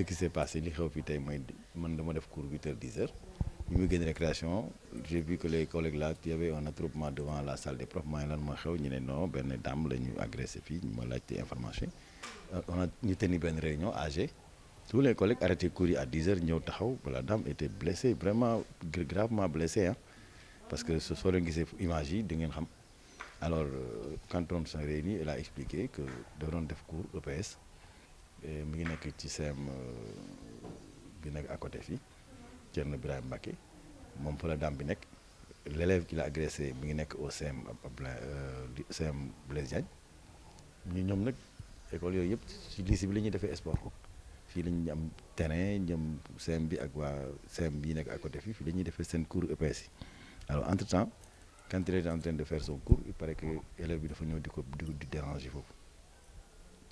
ce qui s'est passé li xew fi tey mooy man dama def cours huit heures dix heures ñu muy génn récréation j'ai vu que les collègues là y avait un attroupement devant la salle des profs mooy lan moo xew ñu ne non benn dame la ñu agressé fii ñu ma laajte information euh, on a ñu tenu benn réunion AG tous les collègues arrêté cours yi à dix ñëw taxaw la dame était blessée vraiment gravement blessée ah parce que soo leen gisee image di ngeen xam alors euh, quand on s'est réunis a Eh, mi ngi nekk ci CEM euh, bi nekk à côté fii Thierno Birahim Mbacké moom fa la daam bi nekk l'élève ki l'a agressé mi ngi nekk au CEM CEM euh, Blaise Diagne ñu ñoom nag école yooyu yëpp ci lycée bi la ñuy defee sport fii la ñuy am terrain ñoom CEM bi ak waa CEM bi nekk à côté fii fii ñuy defee seen cour EPS yi alors entre temps quand il de faire son cours il paraît que élève bi dafa ñëw di ko di di déranger foofu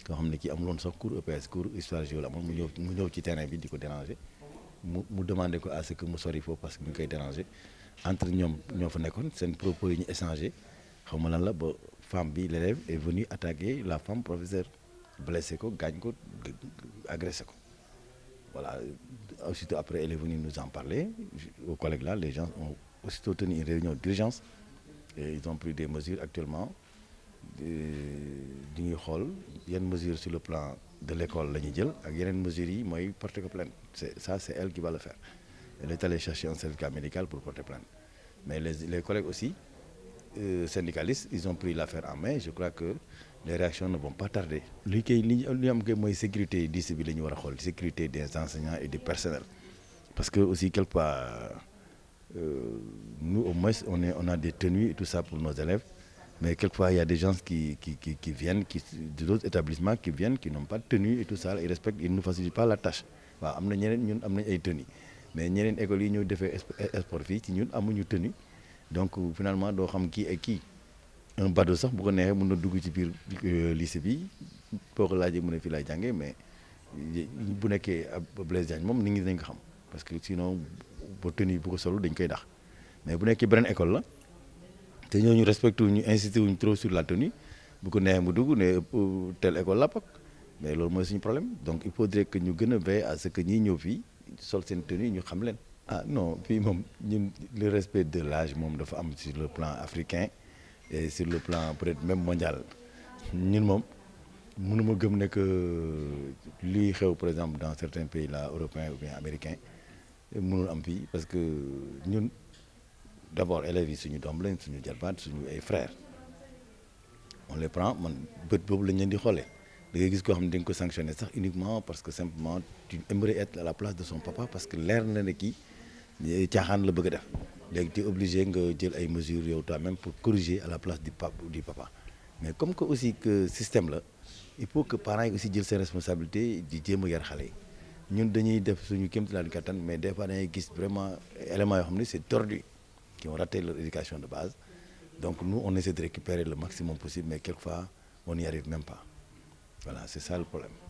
loo xam ne kii amuloon sax cours EPS cours histoire géo la amoon mu ñëw mu ñëw ci terrain bi di ko déranger mu mu demandé ko à ce que mu sori foofu parce que mu ngi koy déranger entre ñoom ñoo fa nekkoon seen propos yi ñu échangé xaw ma lan la ba femme bi l'élève est venue attaquer la femme professeur blessé ko gaañ ko agressé ko voilà aussitôt après elle est venue nous en parler aux collègues là les gens ont aussitôt tenu une réunion d'urgence et ils ont pris des mesures actuellement di ñuy xool yan mesures sur le plan de l'école la jël ak yeneen mesures yi mooy porter ko plainte c'est ça c'est elle qui va le faire elle est chercher un certificat médical pour porter plainte mais les les collègues aussi euh, syndicalistes ils ont pris l'affaire en main je crois que les réactions ne vont pas tarder li koy li ñu am koy sécurité lycée bi la ñu war a xool sécurité des enseignants et du personnel parce que aussi quelque pas euh, nous au moins on est on a des tenues et tout ça Mais quelquefois, il y a des gens qui, qui, qui, qui viennent, qui, d'autres établissements qui viennent, qui n'ont pas de tenue et tout ça, ils respectent, ils ne nous pas la tâche. Voilà, nous avons des tenues. Mais nous avons des écoles qui ont fait sport fille, nous avons des tenues. Donc finalement, doo xam kii est kii Un bateau, ça, pour qu'on ait un dougou ci bir euh, lycée bi pour laaje mu ne fi jàngee mais bu nekkee ab Blaise Diagne moom nit ñi dañ ko xam parce que sinon ba tenue bu ko solu dañ koy dax mais bu nekkee beneen école la te ñooñu respecté wuñu insisté wuñu trop sur la tenue bu ko neexee mu dugg ne euh, tel école la pak mais loolu mooy suñu problème donc il faudrait que ñu gën a veiller à ce que ñiy ñëw fii sol seen tenue ñu xam leen. ah non fii moom ñun le respect de lage moom dafa am sur le plan africain et sur le plan peut-être même mondial ñun moom mënuma gëm ne que luy xew par exemple dans certains pays là européens ou bien américains mënul am fii parce que ñun. d' abord élèves yi suñu doom lañ suñu jarbaat suñu ay frères on les prend man bët boobu lañ leen di xoolee da gis koo xam ne dañ ko sanctionné sax uniquement parce que simplement tu aimerais être à la place de son papa parce que leer na ne kii eh, caaxaan la bëgg a def léegi tu obligé nga jël ay mesures yow toi-même pour corriger à la place du papa mais comme que aussi que système la il faut que parents yi aussi jël seen responsabilité di jéem a yar xale yi ñun dañuy def suñu kéemtalaat kattan mais des fois gis vraiment éléments yoo xam ne c' est qui ont raté leur éducation de base. Donc nous, on essaie de récupérer le maximum possible, mais quelquefois, on n'y arrive même pas. Voilà, c'est ça le problème.